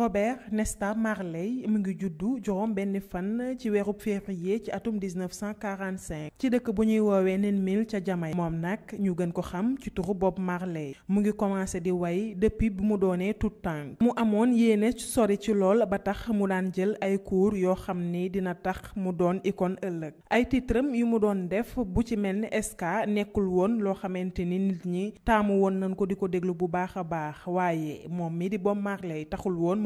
Robert Nesta Marley mu ngi juddu juróom benn fan ci weerub février ci atum 1945 ci dëkk bu ñuy woowee Ninmil ca Jamaïque moom nag ñu gën ko xam ci turu Bob Marley mu ngi commencé di way depuis bi mu doonee tout temps mu amoon yéene sori ci lool ba tax mu daan jël ay cours yoo xam ni dina tax mu doon icône ëllëg ay titram yu mu doon def bu ci mel ni ska nekkul woon loo xamante ni nit ñi taamu woon nañ ko di ko déglu bu baax a baax waaye moom mi di Bob Marley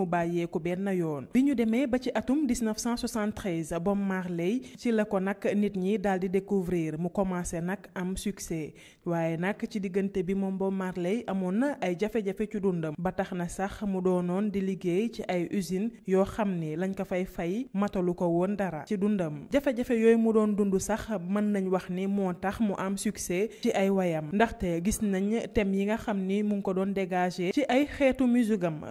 mu bàyyeeku benn yoon bi ñu demee ba ci atum 1973 Bob Marley ci la ko nag nit ñi daal di découvrir mu commencé nag am succès waaye nag ci diggante bi moom Bob Marley amoon na ay jafe-jafe ci dundam ba tax na sax mu doonoon di liggéey ci ay usine yoo xam ni lañ ko fay fay matalu ko woon dara ci dundam jafe-jafe yooyu mu doon dund sax mën nañu wax ni moo tax mu am succès ci ay wayam ndaxte gis nañ thème yi nga xam ni mu ngi ko doon dégager ci ay xeetu musigam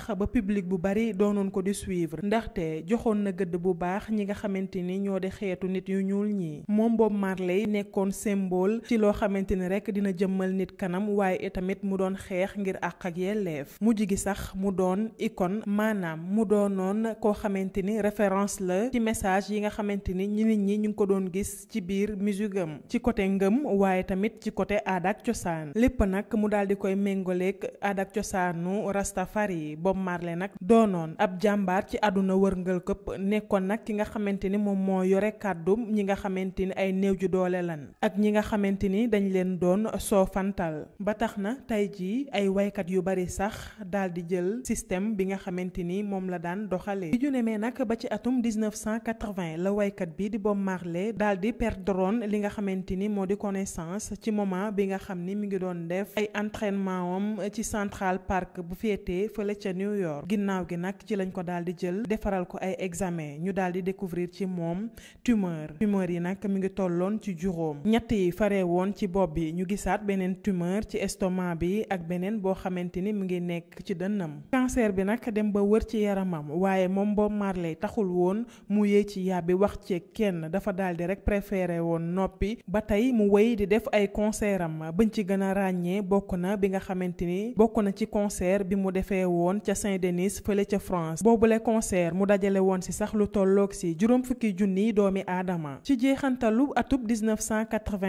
tax ba public bu bari doonoon ko di suivre ndaxte joxoon na gëdd bu baax ñi nga xamante ni ñoo di xeetu nit yu ñuul ñi moom Bob Marley nekkoon symbole ci loo xamante ni rek dina jëmmal nit kanam waaye itamit mu doon xeex ngir àq ak yelleef mujj gi sax mu doon icône maanaam mu doonoon koo xamante ni référence la ci message yi nga xamante ni ñi nit ñi ñu ngi ko doon gis ci biir musique ci côté ngëm waaye tamit ci côté aada cosaan lépp nag mu daal koy Bob Marley nag doonoon ab jàmbaar ci àdduna wërngal këpp nekkoon nag ki nga xamante ni moom moo yore kàddum ñi nga xamante ni ay néew ju doole lan ak ñi nga xamante ni dañ leen doon soo fantal ba tax na tey jii ay waykat yu bari sax daal di jël système bi nga xamante ni moom la daan doxalee. bi ju ne mee nag ba ci atum 1980 la waykat bi di Bob Marley daal di perdroon li nga xamante ni moo di connaissance ci moment bi nga xam ni mu ngi doon def ay entraînement am New York ginnaaw gi nag ci lañ ko daal di jël defaral ko ay examen ñu daal di découvrir ci moom tumeur tumeur yi nag mi ngi tolloon ci juróom ñett yi faree woon ci bopp bi ñu gisaat beneen tumeur ci estomac bi ak beneen boo xamante ni mi ngi nekk ci dënnam cancer bi nag dem ba wër ci yaramam waaye moom Bob Marley taxul woon mu yee ci yàbbi wax ci kenn dafa daal di rek préféré woon noppi ba tey mu wéy di def ay concert am bañ ci gën a ràññee bokk na bi nga xamante ni bokk bi mu defee ca Saint-Denis fële ca France boobule concert mu dajale woon si sax lu tolloog si juróom fukki junniy doomi aadama ci jeexantalu atub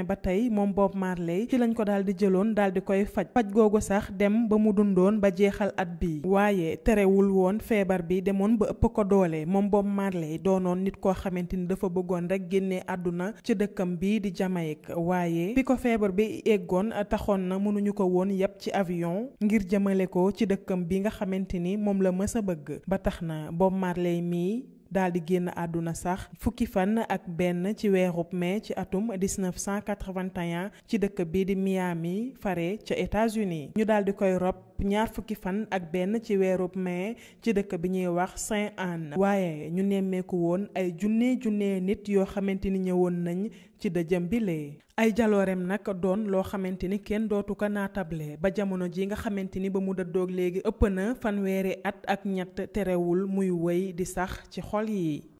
ba tey moom Bob Marley ci lañ ko daal di jëloon daal di koy faj faj googu sax dem ba mu dundoon ba jeexal at bi waaye terewul woon feebar bi demoon ba ëpp ko doole moom Bob Marley doonoon nit koo xamante ni dafa bëggoon rek génnee àdduna ci dëkkam bi di Jamaïque waaye fi ko feebar bi eggoon taxoon na mënuñu ko woon yépp ci ko ci dëkkam bi xamante ni moom la mës a bëgg ba tax na Bob Marley mii daal di génn àdduna sax fukki fan ak benn ci weerub mais ci atum 1981 ci dëkk bi di Miami fare ca États-Unis ñu daal di koy rob ñaar fukki fan ak benn ci weerub mai ci dëkk bi ñuy wax Saint Anne waaye ñu nemmeeku woon ay junne junne nit yoo xamante ni ñëwoon nañ ci dëjëm bile ay jalooreem nag doon loo xamante ni kenn dootu ko naatable ba jamono ji nga xamante ni ba mu dëddoog léegi ëpp na fanweeri at ak ñett terewul muy wëy di sax ci xol dårlige